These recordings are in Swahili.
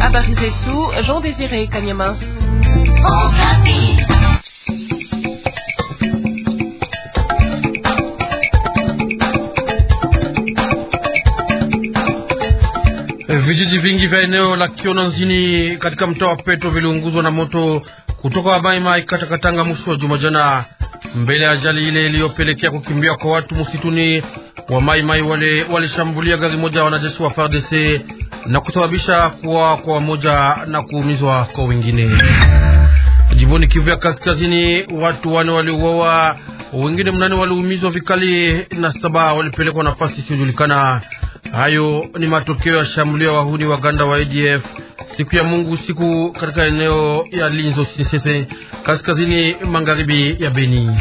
Habari zetu Jean Kanyama. Eh, vijiji vingi vya eneo la kiona nzini katika mtaa wa Peto viliunguzwa na moto kutoka Wamaimai kata Katanga mwisho wa juma jana, mbele ya ajali ile iliyopelekea kukimbia kwa watu msituni wa maimai wale walishambulia gari moja wanajeshi wa FARDC na kusababisha kuwa kwa wamoja na kuumizwa kwa wengine. Jimboni Kivu ya Kaskazini, watu wane waliuawa, wengine mnane waliumizwa vikali na saba walipelekwa nafasi isiyojulikana. Hayo ni matokeo ya shambulio ya wahuni Waganda wa ADF siku ya Mungu siku katika eneo ya Linzo Sisese kaskazini magharibi ya Beni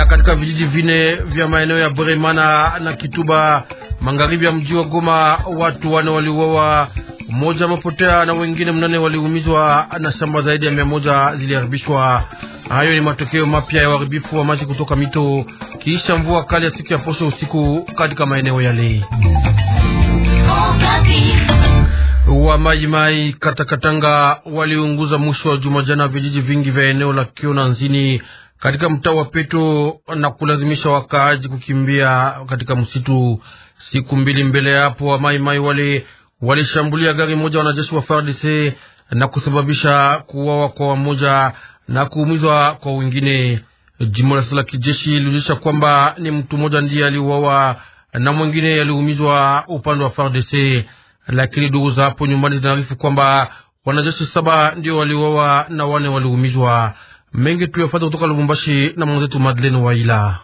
na katika vijiji vine vya maeneo ya Bremana na Kituba magharibi ya mji wa Goma watu wane waliuawa, mmoja amepotea na wengine mnane waliumizwa na shamba zaidi ya mia moja ziliharibishwa. Hayo ni matokeo mapya ya uharibifu wa maji kutoka mito kiisha mvua kali ya siku ya posho usiku katika maeneo yale. Wa Mai katakatanga waliunguza mwisho wa juma jana vijiji vingi vya eneo la Kiona nzini katika mtaa wa Peto na kulazimisha wakaaji kukimbia katika msitu. Siku mbili mbele ya hapo, wa wale walishambulia gari moja wanajeshi wa FARDC na kusababisha kuuawa kwa wamoja na kuumizwa kwa wengine. Jimbo la kijeshi lilionyesha kwamba ni mtu mmoja ndiye aliuawa na mwingine aliumizwa upande wa FARDC, lakini ndugu za hapo nyumbani zinaarifu kwamba wanajeshi saba ndio waliuawa na wane waliumizwa. Mengi tuyafuata kutoka Lubumbashi na mwenzetu Madeleine Waila.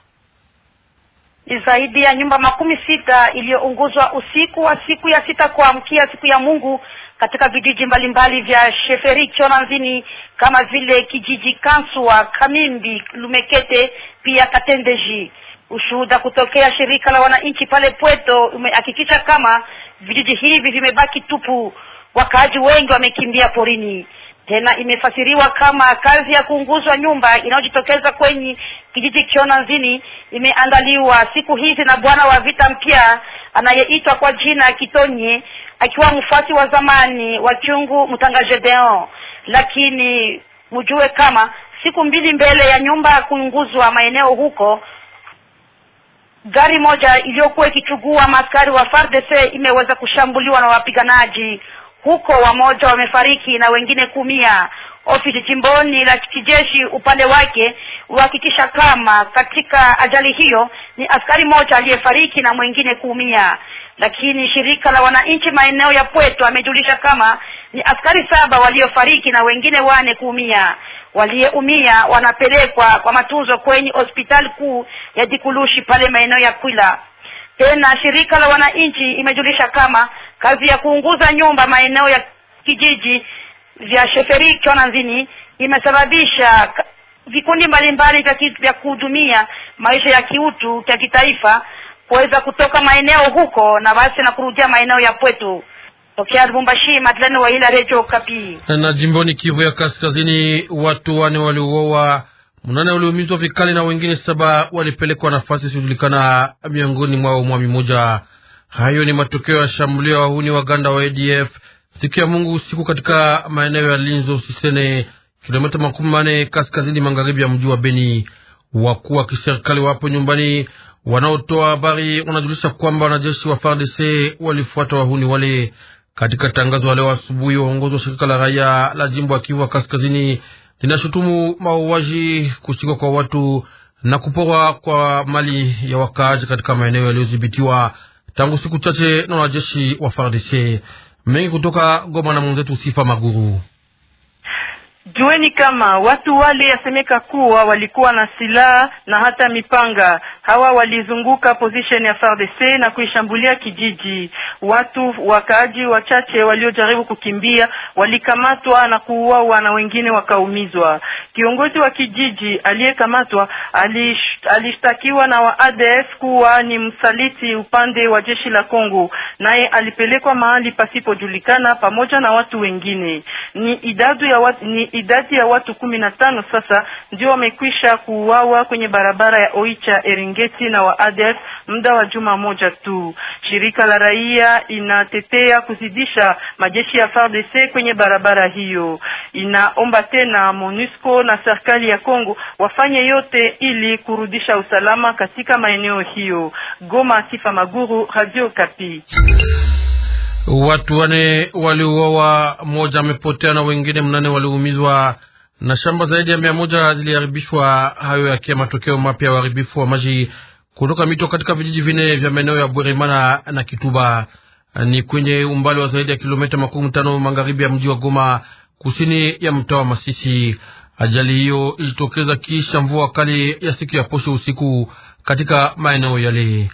Zaidi ya nyumba makumi sita iliyounguzwa usiku wa siku ya sita kuamkia siku ya Mungu katika vijiji mbalimbali vya sheferi na Nzini kama vile kijiji Kanswa, Kamimbi, Lumekete pia Katendeji. Ushuhuda kutokea shirika la wananchi pale Pweto umehakikisha kama vijiji hivi vimebaki tupu, wakaaji wengi wamekimbia porini tena imefasiriwa kama kazi ya kuunguzwa nyumba inayojitokeza kwenye kijiji Kionanzini imeandaliwa siku hizi na bwana wa vita mpya anayeitwa kwa jina Kitonye, akiwa mfuasi wa zamani wa chungu Mtanga Gedeon. Lakini mjue kama siku mbili mbele ya nyumba ya kuunguzwa maeneo huko, gari moja iliyokuwa ikichugua maaskari wa fardese imeweza kushambuliwa na wapiganaji huko wamoja wamefariki na wengine kumia ofisi jimboni la kijeshi upande wake huhakikisha kama katika ajali hiyo ni askari mmoja aliyefariki na mwingine kuumia lakini shirika la wananchi maeneo ya pweto amejulisha kama ni askari saba waliofariki na wengine wane kuumia walioumia wanapelekwa kwa matunzo kwenye hospitali kuu ya jikulushi pale maeneo ya kwila tena shirika la wananchi imejulisha kama Kazi ya kuunguza nyumba maeneo ya kijiji vya Sheferi Chonanzini imesababisha vikundi mbalimbali vya kuhudumia maisha ya kiutu cha kitaifa kuweza kutoka maeneo huko na basi na kurudia maeneo ya pwetu Tokea Lubumbashi, Madlani wa ila Radio Kapi. Na jimboni Kivu ya Kaskazini, watu wane waliuawa, mnane waliumizwa vikali na wengine saba walipelekwa nafasi isiyojulikana, miongoni mwao mwami mmoja Hayo ni matokeo ya shambulio ya wahuni Waganda wa ADF siku ya Mungu usiku katika maeneo ya Linzo Sisene, kilomita makumi manne kaskazini magharibi ya mji wa Beni. Wakuu wa kiserikali wapo nyumbani, wanaotoa habari wanajulisha kwamba wanajeshi wa FARDC walifuata wahuni wale. Katika tangazo leo asubuhi, waongozi wa shirika la raia la jimbo ya Kivu kaskazini linashutumu mauaji, kushikwa kwa watu na kuporwa kwa mali ya wakaaji katika maeneo yaliyodhibitiwa tangu siku chache na wanajeshi wa FARDC. Mengi kutoka Goma na mwenzetu Sifa Maguru. Jueni kama watu wale yasemeka kuwa walikuwa na silaha na hata mipanga. Hawa walizunguka position ya FARDC na kuishambulia kijiji. Watu wakaaji wachache waliojaribu kukimbia walikamatwa na kuuawa na wengine wakaumizwa. Kiongozi wa kijiji aliyekamatwa alish alishtakiwa na wa ADF kuwa ni msaliti upande wa jeshi la Kongo, naye alipelekwa mahali pasipojulikana pamoja na watu wengine. Ni idadi ya watu, ni idadi ya watu kumi na tano sasa ndio wamekwisha kuuawa kwenye barabara ya Oicha Eringeti na wa ADF muda wa juma moja tu. Shirika la raia inatetea kuzidisha majeshi ya FARDC kwenye barabara hiyo. Inaomba tena MONUSCO na serikali ya Kongo wafanye yote ili kurudisha usalama katika maeneo hiyo. Goma, Sifa Maguru, Radio Kapi. Watu wane waliuawa, moja amepotea na wengine mnane waliumizwa, na shamba zaidi ya mia moja ziliharibishwa. Hayo yakiwa matokeo mapya ya uharibifu wa maji kutoka mito katika vijiji vine vya maeneo ya Bweremana na Kituba eh, ni kwenye umbali wa zaidi ya kilomita makumi tano magharibi ya mji wa Goma, kusini ya mtaa wa Masisi. Ajali hiyo ilitokeza kisha mvua kali ya siku ya posho usiku katika maeneo yale,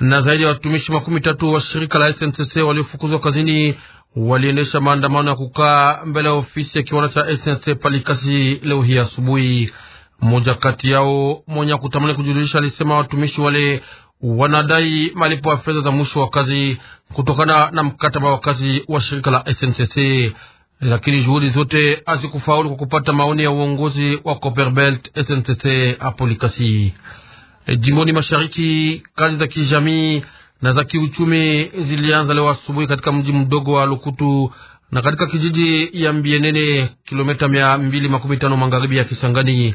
na zaidi ya watumishi makumi tatu wa shirika la SNCC waliofukuzwa kazini waliendesha maandamano ya kukaa mbele ya ofisi ya kiwanda cha SNCC Palikasi leo hii asubuhi. Mmoja kati yao mwenye kutamani kujulisha alisema watumishi wale wanadai malipo ya fedha za mwisho wa kazi kutokana na mkataba wa kazi wa shirika la SNCC, lakini juhudi zote hazikufaulu kwa kupata maoni ya uongozi wa Copperbelt SNCC hapo Likasi. E, jimboni mashariki, kazi za kijamii na za kiuchumi zilianza leo asubuhi katika mji mdogo wa Lukutu na katika kijiji ya Mbienene, kilomita mia mbili makumi tano magharibi ya Kisangani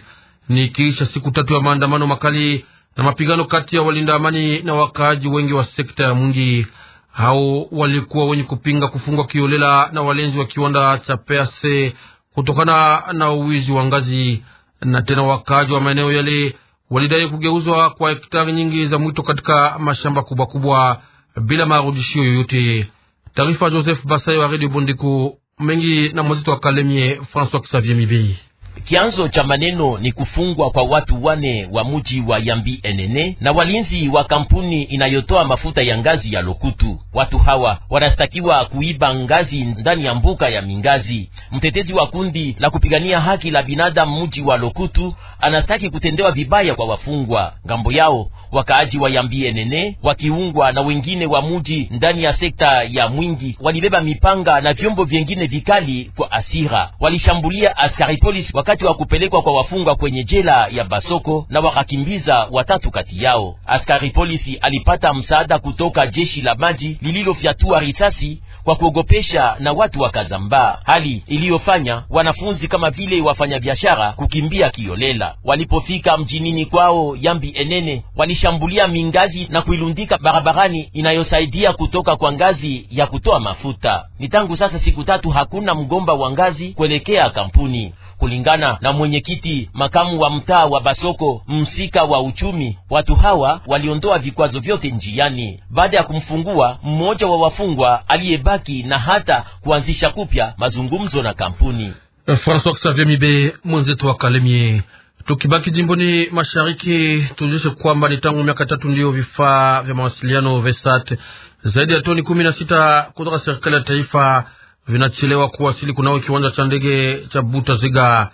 ni kiisha siku tatu ya maandamano makali na mapigano kati ya walinda amani na wakaaji wengi wa sekta ya Mungi. Hao walikuwa wenye kupinga kufungwa kiolela na walenzi wa kiwanda cha PAC kutokana na uwizi wa ngazi, na tena wakaaji wa maeneo yale walidai kugeuzwa kwa hektari nyingi za mwito katika mashamba kubwa kubwa bila marudishio yoyote. Taarifa Joseph Basai wa Radio Bondiku mengi na mwenzetu wa Kalemie François Xavier Mibei. Kianzo cha maneno ni kufungwa kwa watu wane wa muji wa Yambi Enene na walinzi wa kampuni inayotoa mafuta ya ngazi ya Lokutu. Watu hawa wanastakiwa kuiba ngazi ndani ya mbuka ya Mingazi. Mtetezi wa kundi la kupigania haki la binadamu muji wa Lokutu anastaki kutendewa vibaya kwa wafungwa. Ngambo yao Wakaaji wa Yambie Nene wakiungwa na wengine wa muji ndani ya sekta ya Mwingi walibeba mipanga na vyombo vyengine vikali kwa asira, walishambulia askari polisi wakati wa kupelekwa kwa wafungwa kwenye jela ya Basoko na wakakimbiza watatu kati yao. Askari polisi alipata msaada kutoka jeshi la maji lililofyatua risasi kwa kuogopesha na watu wakazambaa, hali iliyofanya wanafunzi kama vile wafanyabiashara kukimbia kiolela. Walipofika mjinini kwao Yambi Enene walisha kuishambulia mingazi na kuilundika barabarani inayosaidia kutoka kwa ngazi ya kutoa mafuta. Ni tangu sasa siku tatu hakuna mgomba wa ngazi kuelekea kampuni, kulingana na mwenyekiti makamu wa mtaa wa Basoko msika wa uchumi. Watu hawa waliondoa vikwazo vyote njiani. Baada ya kumfungua mmoja wa wafungwa aliyebaki na hata kuanzisha kupya mazungumzo na kampuni. François Xavier Mibe mwenzetu wa Kalemie. Tukibaki jimboni mashariki, tujulishe kwamba ni tangu miaka tatu ndiyo vifaa vya mawasiliano VESAT zaidi ya toni kumi na sita kutoka serikali ya taifa vinachelewa kuwasili kunao kiwanja cha ndege cha Butaziga.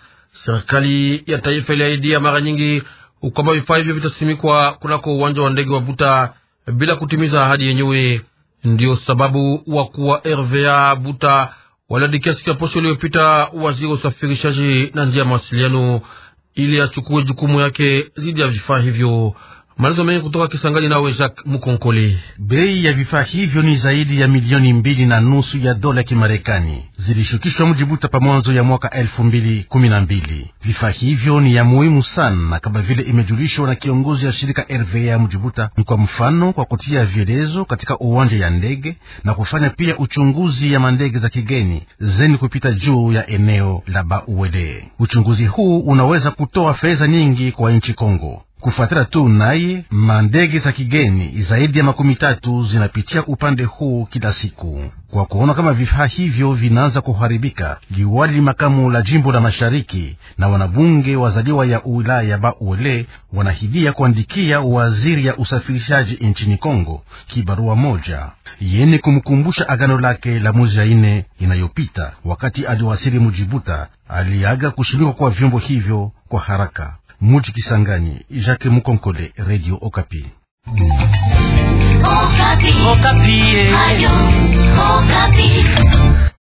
Serikali ya taifa iliahidia mara nyingi kwamba vifaa hivyo vitasimikwa kunako uwanja wa ndege wa Buta bila kutimiza ahadi yenyewe. Ndiyo sababu wakuu wa RVA Buta waliandikia siku ya posho iliyopita waziri wa usafirishaji na njia ya mawasiliano ili achukue jukumu yake dhidi ya vifaa hivyo. Malizo mengi kutoka Kisangani nawe Jacques Mukonkole. Bei ya vifaa hivyo ni zaidi ya milioni mbili na nusu ya dola ya Kimarekani, zilishukishwa mjibuta pa mwanzo ya mwaka elfu mbili kumi na mbili. Vifaa hivyo ni ya muhimu sana, kama vile imejulishwa na kiongozi ya shirika RVA mjibuta, ni kwa mfano kwa kutia vielezo katika uwanja ya ndege na kufanya pia uchunguzi ya mandege za kigeni zeni kupita juu ya eneo la Bauele. Uchunguzi huu unaweza kutoa fedha nyingi kwa nchi Kongo. Kufuatana tu naye, mandege za kigeni zaidi ya makumi tatu zinapitia upande huu kila siku. Kwa kuona kama vifaa hivyo vinaanza kuharibika, liwali makamu la jimbo la mashariki na wanabunge wazaliwa ya wilaya Bauele wanahidia kuandikia waziri ya usafirishaji nchini Kongo kibarua moja yeni kumkumbusha agano lake la mwezi ya ine inayopita. Wakati aliwasili Mujibuta, aliaga kushirikwa kwa vyombo hivyo kwa haraka muji Kisangani. Jacques Mukonkole, Radio Okapi. Okapi. Okapi. Okapi.